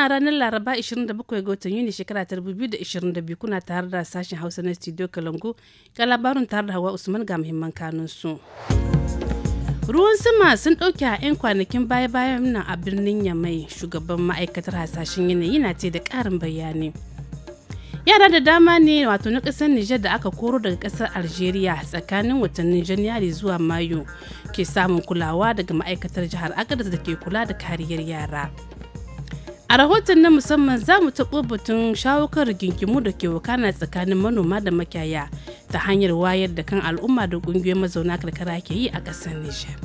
Muna ranar Laraba 27 ga watan Yuni shekara 2022 kuna tare da sashen Hausa na Studio Kalangu ga labarin tare da Hawa Usman ga muhimman kanun su. Ruwan sama sun ɗauke a 'yan kwanakin baya-bayan nan a birnin Yamai shugaban ma'aikatar hasashen yanayi na ce da ƙarin bayani. yara da dama ne wato na kasar Nijar da aka koro daga kasar Algeria tsakanin watannin Janairu zuwa Mayu ke samun kulawa daga ma'aikatar jihar Agadez da ke kula da kariyar yara. a rahoton na musamman za mu taɓo batun shawo kan rigingimu da ke wakana tsakanin manoma da makiyaya ta hanyar wayar da kan al'umma da ƙungiyoyin mazauna karkara ke yi a ƙasar nijar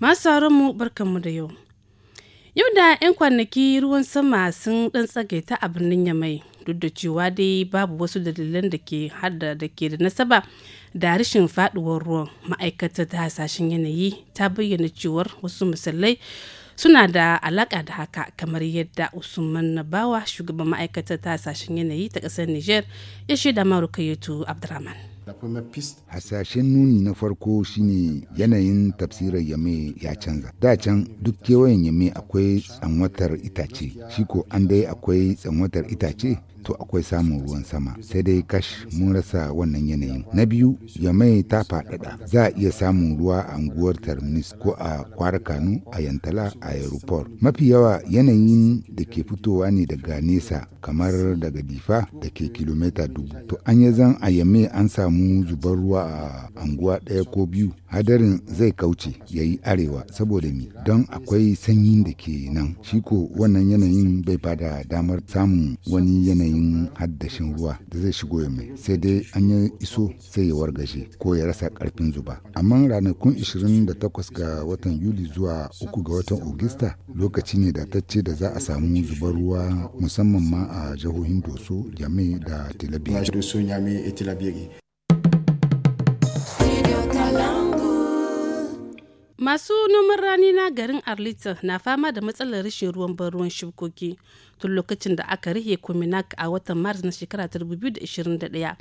masu mu barkanmu da yau yau da 'yan kwanaki ruwan sama sun ɗan tsagaita a birnin yamai duk da cewa dai babu wasu dalilan da ke hada da ke da nasaba da rashin faɗuwar ruwan ma'aikatar ta hasashen yanayi ta bayyana cewar wasu misalai suna da alaka da haka kamar yadda usman na bawa shugaban ma'aikatar ta hasashen yanayi ta ƙasar niger ya shaida marukayatu abdurrahman Hasashen nuni na farko shine yanayin tafsirar yame ya canza. Da can duk kewayen yame akwai tsanwatar itace, shi ko an dai akwai tsanwatar itace to akwai samun ruwan sama sai dai kash mun rasa wannan yanayin na biyu yamai ta faɗaɗa za a iya samun ruwa a unguwar terminus ko a kwara kanu a yantala a aeroport mafi yawa yanayin da ke fitowa ne daga nesa kamar daga difa da ke kilomita dubu to an yi zan a yame an samu zubar ruwa a anguwa ɗaya ko biyu hadarin zai kauce ya yi arewa saboda mi don akwai sanyin da ke nan shi ko wannan yanayin bai bada damar samun wani yanayin yayin haddashin ruwa da zai shigo ya mai sai dai an yi iso sai ya wargaje ko ya rasa karfin zuba amma ranakun 28 ga watan yuli zuwa 3 ga watan ogista lokaci ne da ta ce da za a samu zubar ruwa musamman ma a jihohin doso jami da tilabiyar Masu noman rani na garin arlita na fama da matsalar rashin ruwan ban ruwan shukoki tun lokacin da aka rihe Kuminak a watan Maris na shekara 2021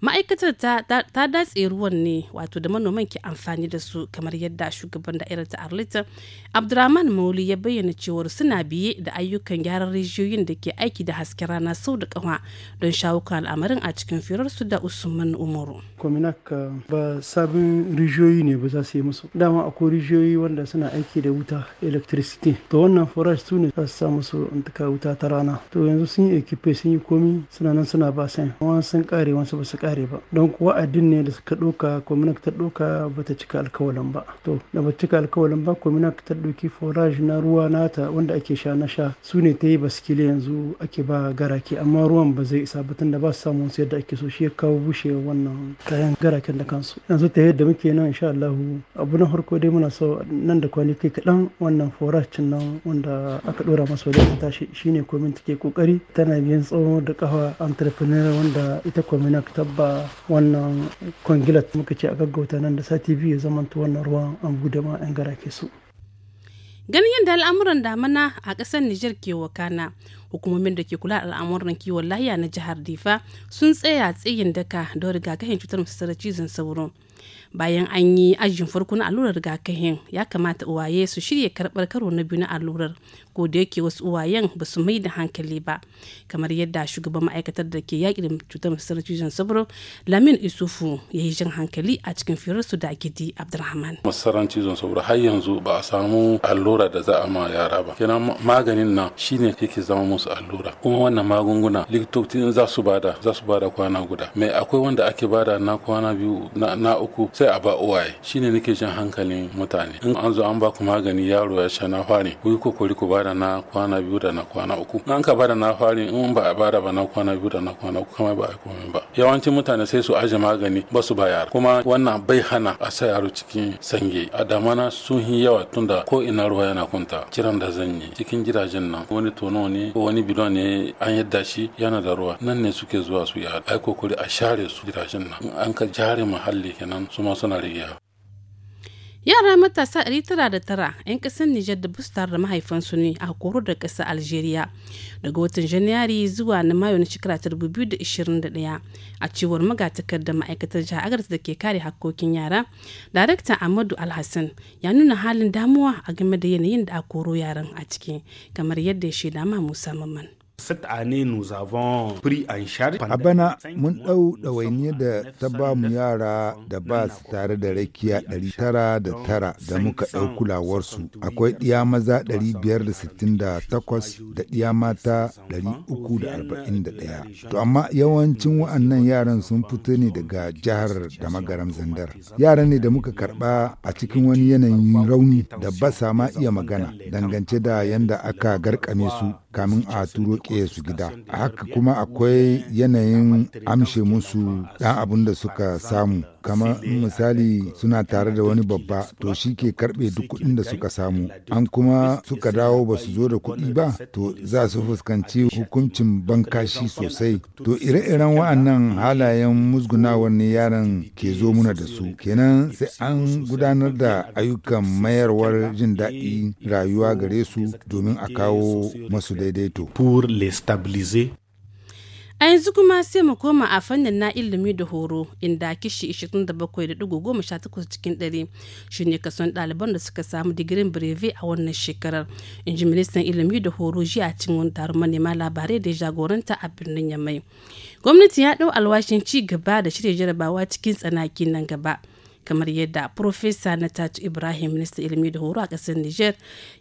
ma'aikatar ta datse ruwan ne wato da manoman ke amfani da su kamar yadda shugaban da'irar ta arlita abdurrahman mauli ya bayyana cewar suna biye da ayyukan gyaran rijiyoyin da ke aiki da hasken rana sau da kawa don shawo kan al'amarin a cikin firar su da usman umaru kominak eh, ba sabin rijiyoyi ne ba za su yi musu dama akwai rijiyoyi wanda suna aiki da wuta electricity to wannan forage su ne za su sa musu wuta ta rana to yanzu sun yi ekipe sun yi komi suna nan suna ba sai wani sun kare wasu ba su kare ba don kuwa addin ne da suka ɗauka kominak ta ɗauka ba ta cika alkawalin ba to da ba cika alkawalin ba kominak ta ɗauki forage na ruwa nata wanda ake sha na sha su ne ta yi baskile yanzu ake ba garake amma ruwan ba zai isa ba da ba su samu sayar da ake so shi ya kawo bushe wannan kayan garaken da kansu yanzu ta yadda muke nan insha Allah abu na farko dai muna so nan da kai kaɗan wannan forage nan wanda aka ɗora masa wajen shi shine komin take kokari tana biyan tsawon da kafa entrepreneur wanda ita kominak ta ba wannan kwangilat muka ce a gaggauta nan da sati biyu ya zamanta wannan ruwan an bude ma an gara ke so. ganin yadda al'amuran damana a ƙasar Nijar ke wakana hukumomin da ke kula da al'amuran kiwon lahiya na jihar Difa sun tsaya tsayin daka don rigakafin cutar masarar cizon sauro bayan an yi ajin farko na allurar rigakafin ya kamata uwaye su shirya karɓar karo na biyu na allurar ko da yake wasu uwayen ba su mai da hankali ba kamar yadda shugaban ma'aikatar da ke yaƙi da cutar masarar cizon sabro lamin isufu ya yi jan hankali a cikin firarsu da gidi abdulrahman masarar cizon sabro har yanzu ba a samu allura da za a ma yara ba kenan maganin nan shine yake zama musu allura kuma wannan magunguna likitoci za su bada za su bada kwana guda mai akwai wanda ake bada na kwana biyu na, uku sai a ba uwaye shine nake jan hankalin mutane in an zo an ba ku magani yaro ya sha na fani. ku yi kokori ku bada bada na kwana biyu da na kwana uku an ka bada na fari in ba a bada ba na kwana biyu da na kwana uku kamar ba a komai ba yawancin mutane sai su aje magani ba su bayar kuma wannan bai hana a sa yaro cikin sange a damana sun yi yawa tunda ko ina ruwa yana kunta kiran da zan yi cikin gidajen nan wani tono ne ko wani bidon ne an yadda shi yana da ruwa nan ne suke zuwa su yi ai kuri a share su gidajen nan an ka jare muhalli kenan su ma suna rigiya yara matasa tara 'yan kasar nijar da bustar da mahaifansu ne a koro da kasar algeria daga watan janairu zuwa na mayu na shekara 2021 a cewar magatakar da ma'aikatar jihar da ke kare hakkokin yara darakta amadu alhassan ya nuna halin damuwa a game da yanayin da a koro yaran a ciki kamar yadda ya shaida ma musa Maman. A bana mun ɗau ɗawainiyar da ta ba mu yara da ba su tare da rakiya 909 da muka ɗau kulawarsu. Akwai ɗiya maza 568 da ɗiya mata 341. To amma yawancin wa'annan yaran sun fito ne daga jihar da magaram zandar. Yara ne da muka karɓa a cikin wani yanayin rauni da ba sa ma iya magana dangance da yanda aka garkame su kamin a turo su gida haka kuma akwai yanayin amshe musu ɗan abun da suka samu kamar misali suna tare da wani babba to shi ke karɓe duk kuɗin da suka samu an kuma suka dawo ba su zo da kuɗi ba to za su fuskanci hukuncin bankashi sosai to ire-iren wa'annan halayen musgunawar ne yaran ke zo muna da su kenan sai an gudanar da ayyukan mayarwar jin daɗi rayuwa gare su domin a kawo masu daidaito pour les stabiliser a yanzu kuma sai mu koma a fannin na ilimi da horo inda kishi 27.18 cikin ɗari shine kason ɗaliban da suka samu digirin breve a wannan shekarar in ji ministan ilimi da horo jiya a cin wani taron manema labarai da ya jagoranta a birnin yamai gwamnati ya ɗau alwashin ci gaba da shirya jarabawa cikin tsanaki nan gaba kamar yadda profesa natatu ibrahim ministan ilimi da horo a ƙasar niger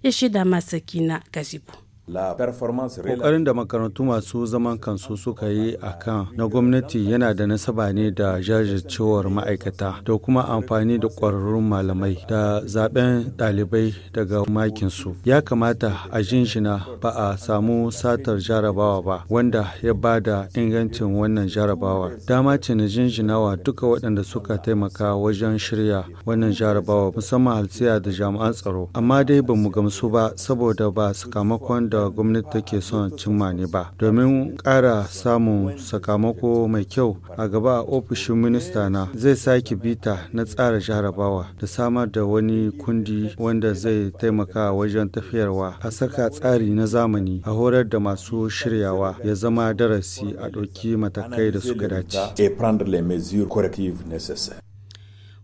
ya shaida masa kina gazibu Ƙoƙarin da makarantu masu zaman kansu suka yi a kan na gwamnati yana da nasaba ne da jajircewar ma'aikata da kuma amfani da ƙwararrun malamai da zaben ɗalibai daga makinsu. Ya kamata a jinjina ba a samu satar jarabawa ba wanda ya ba da ingancin wannan jarabawa Dama ce na jinjinawa duka waɗanda suka taimaka wajen shirya wannan jarabawa musamman halsiya da jami'an tsaro. Amma dai ba mu gamsu ba saboda ba sakamakon da gwamnati take son cimma ne ba domin ƙara samun sakamako mai kyau a gaba a ofishin minista na zai sake bita na tsara jarabawa da samar da wani kundi wanda zai taimaka wajen tafiyarwa a saka tsari na zamani a horar da masu shiryawa ya zama darasi a ɗauki matakai da suka dace.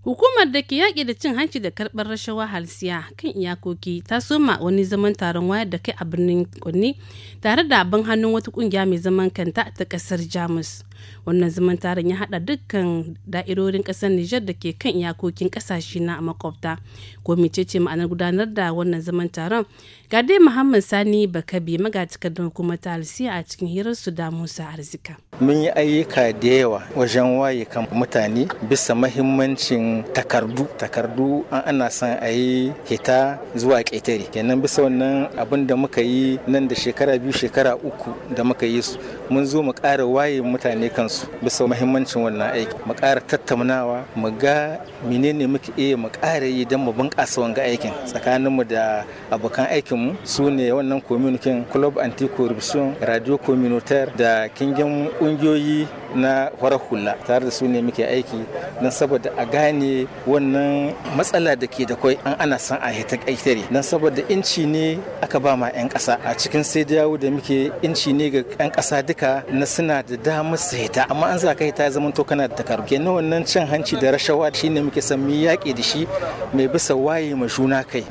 Hukumar da ke yaƙi da cin hanci da karɓar rashawa halsiya kan iyakoki ta soma wani zaman taron wayar da kai a birnin kunni tare da abin hannun wata ƙungiya mai zaman kanta ta ƙasar Jamus. wannan zaman taron ya hada dukkan da'irorin kasar nijar da ke kan iyakokin kasashe na makwabta ko mecece ma'anar gudanar da wannan zaman taron ga dai muhammad sani bakabe magatakar hukumar kuma talisi a cikin hirar su da musa arzika mun yi ayyuka da yawa wajen waye kan mutane bisa mahimmancin takardu takardu an ana son a yi hita zuwa ƙetare kenan bisa wannan abin da muka yi nan da shekara biyu shekara uku da muka yi su mun zo mu ƙara waye mutane kansu bisa mahimmancin wannan aiki mu ƙara tattaunawa mu ga menene muke iya mu ƙara yi don mu bunƙasa wanga aikin tsakaninmu da abokan aikinmu su ne wannan communiquin club anti corruption radio communautaire da kingin ƙungiyoyi na farar hula tare da su ne muke aiki don saboda a gane wannan matsala da ke da kwai an ana san a hita kaitare don saboda inci ne aka ba ma 'yan kasa a cikin sai dawo da muke inci ne ga 'yan kasa duka na suna da damar su hita amma an za ka hita zama to kana da takardu kenan wannan cin hanci da rashawa shine muke son mu yaƙi da shi mai bisa waye ma juna kai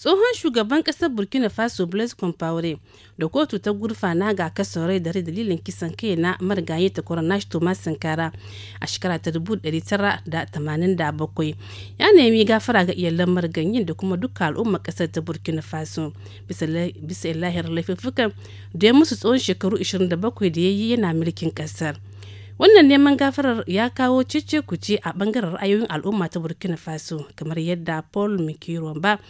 tsohon shugaban kasar burkina faso blaise compaore da kotu ta gurfa na ga rai da dalilin kisan kai na marigayi ta coronash thomas sankara a shekara ta 1987 ya nemi gafara ga iyalan marigayin da kuma duka al'ummar kasar ta burkina faso bisa lahiyar laifuffukan da ya musu tsawon shekaru 27 da ya yi yana mulkin kasar wannan neman gafarar ya kawo cece kuce a bangaren ra'ayoyin al'umma ta burkina faso kamar yadda paul mikiromba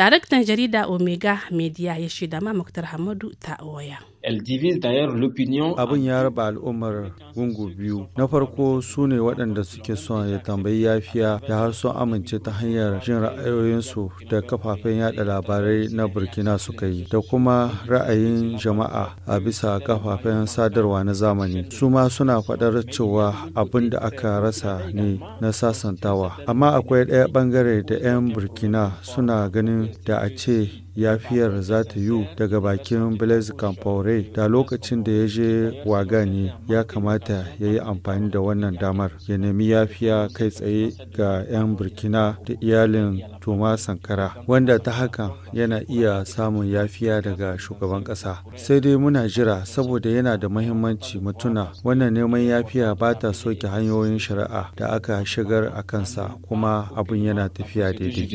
daraktan jarida omega media ya shaida ma muktar hamadu ta waya Abin ya raba al'ummar gungu biyu. Na farko su ne waɗanda suke son ya tambayi yafiya ya har sun amince ta hanyar jin ra'ayoyinsu da kafafen yada labarai na Burkina suka yi, da kuma ra'ayin jama'a a bisa kafafen sadarwa na zamani. Su ma suna faɗar cewa abin da aka rasa ne na sasantawa. Amma akwai ɗaya ɓangare da 'yan Burkina suna ganin da a ce yafiyar za ta yiwu daga bakin blaise campore da lokacin da ya je waga ne ya kamata ya yi amfani da wannan damar ya nemi yafiya kai tsaye ga 'yan burkina da iyalin Toma Sankara wanda ta hakan yana iya samun yafiya daga shugaban ƙasa. Sai dai muna jira saboda yana da mahimmanci mutuna wannan neman yafiya ba ta soke hanyoyin shari'a da aka shigar a kansa kuma abin yana tafiya daidai.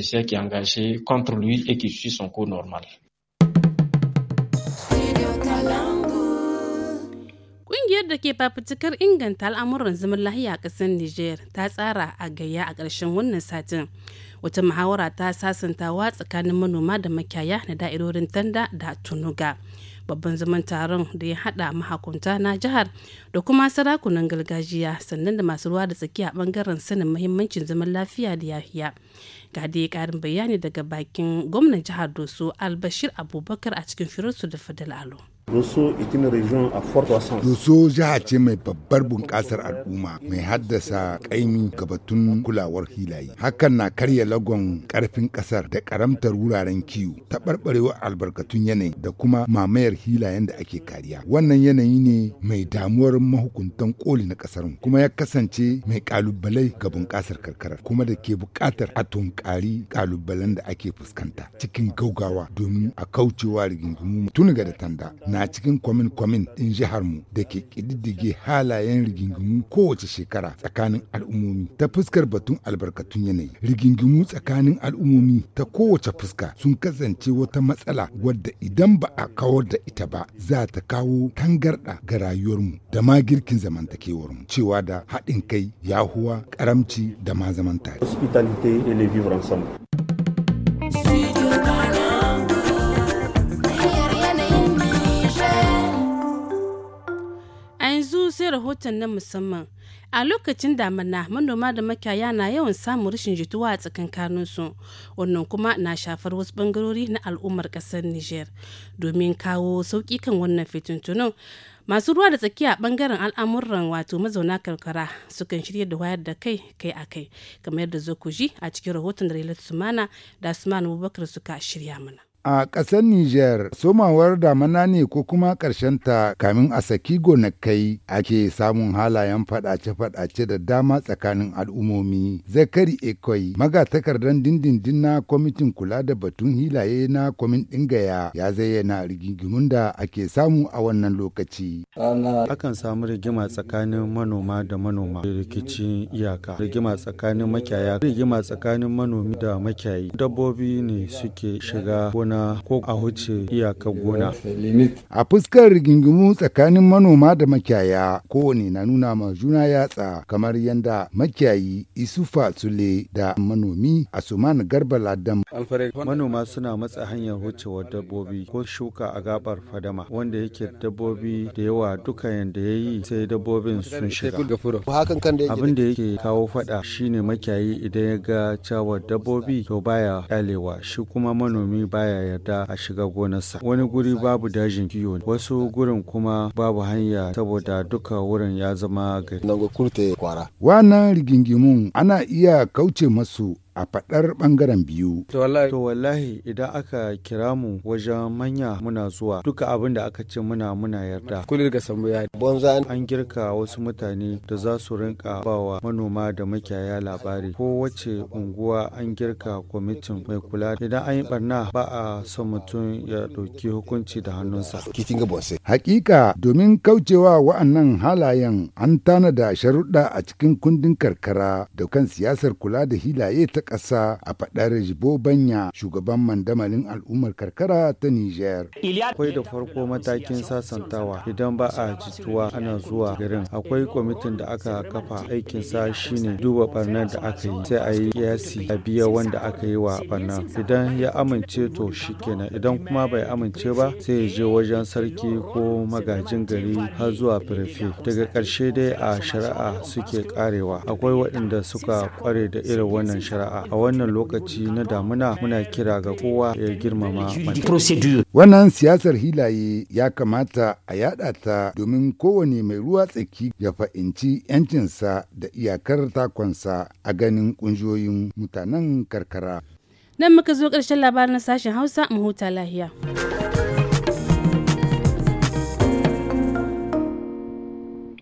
Ƙungiyar da ke fafutukar inganta al'amuran zaman lahiya a ƙasar Nijar ta tsara a gaya a ƙarshen wannan satin. wata muhawara ta sasantawa tsakanin manoma da makiyaya na da'irorin tanda da tunuga babban zaman taron da ya hada mahakunta na jihar da kuma sarakunan gargajiya sannan da masu ruwa da tsakiya ɓangaren bangaren sanin mahimmancin zaman lafiya da yahiya ga dai karin bayani daga bakin gwamnan jihar doso albashir abubakar a cikin firarsu da fadal alo roso jiha ce mai babbar bunƙasar al'umma mai haddasa ƙaimi gabatun kulawar hilaye. Hakan na karya lagon ƙarfin ƙasar da ƙaramtar wuraren kiwo, taɓarɓarewar albarkatun yanayi da kuma mamayar hilayen da ake kariya. Wannan yanayi ne mai damuwar mahukuntan koli na ƙasar kuma ya kasance mai ƙalubalai ga bunƙasar karkarar kuma da ke buƙatar a tunƙari ƙalubalen da ake fuskanta cikin gaugawa domin a kaucewa rigingimu tun ga da tanda. na cikin kwamin kwamin ɗin jihar mu da ke ƙididdige halayen rigingimu kowace shekara tsakanin al'ummomi ta fuskar batun albarkatun yanayi rigingimu tsakanin al'ummomi ta kowace fuska sun kasance wata matsala wadda idan ba a kawar da ita ba za ta kawo tangarɗa ga rayuwarmu da ma girkin zamantakewar mu cewa da haɗin kai yahuwa karamci da ma zaman tare. rahoton na musamman a lokacin damana manoma da makiyaya na yawan samun rashin jituwa a su wannan kuma na shafar wasu bangarori na al'ummar kasar niger domin kawo sauƙi kan wannan fitintunan masu ruwa da tsakiya bangaren al'amuran wato mazauna karkara sukan shirya da wayar da kai kai a kai kamar yadda zokuji a cikin rahoton da sumana da suman abubakar suka shirya mana a ƙasar Nijar somawar damana ne ko kuma ta kamin a saki gonakai ake samun halayen faɗace-faɗace da dama tsakanin al'ummomi. Zakari Ekoi magatakardan dindindin na kwamitin kula da batun hilaye na kwamin ɗingaya ya zayyana rigingimun da ake samu a wannan lokaci. Akan samu rigima tsakanin manoma da manoma rikicin iyaka, rigima tsakanin makiyaya, rigima tsakanin manomi da makiyayi. Dabbobi ne suke shiga gona gona ko a huce iyakar gona. A fuskar rigingimu tsakanin manoma da makiyaya kowane na nuna ma juna yatsa kamar yadda makiyayi Isufa Sule da manomi Asuman Garba Ladam. Manoma suna matsa hanyar wucewar dabbobi ko shuka a gabar fadama wanda yake dabbobi da yawa duka yadda ya yi sai dabbobin sun shiga. Abin da yake kawo fada shine makiyayi idan ya ga cawar dabbobi to baya ɗalewa. shi kuma manomi baya yarda a shiga gonarsa wani guri babu dajin kiwo wasu gurin kuma babu hanya saboda duka wurin ya zama gari wannan rigingimun ana iya kauce masu a faɗar ɓangaren biyu. To wallahi, idan aka kira mu wajen manya muna zuwa duka abin da aka ce muna muna yarda. Kulir ga sambuya. Bonza an girka wasu mutane da za su rinka bawa manoma da makiyaya labari ko wace unguwa an girka kwamitin mai kula idan an yi barna ba a son mutum ya ɗauki hukunci da hannunsa. Hakika domin kaucewa wa'annan halayen an tanada sharuɗa a cikin kundin karkara da kan siyasar kula da hilaye ta ƙasa a faɗar Jibo Banya shugaban mandamalin al'ummar karkara ta Nijar. Akwai da farko matakin sasantawa idan ba a jituwa ana zuwa garin akwai kwamitin da aka kafa sa shine duba barnar da aka yi sai a yi kiyasi a biya wanda aka yi wa barnar idan ya amince to shi kenan idan kuma bai amince ba sai ya je wajen sarki ko magajin gari har zuwa firfe daga ƙarshe dai a shari'a suke karewa akwai waɗanda suka kware da irin wannan shari'a a wannan lokaci na damuna muna kira ga kowa ya girmama wannan siyasar hilaye ya kamata a yada ta domin kowane mai ruwa tsaki ya fahimci yancinsa da iyakar takonsa a ganin kunjoyin mutanen karkara nan muka zo ƙarshen labarin sashen hausa mu huta lahiya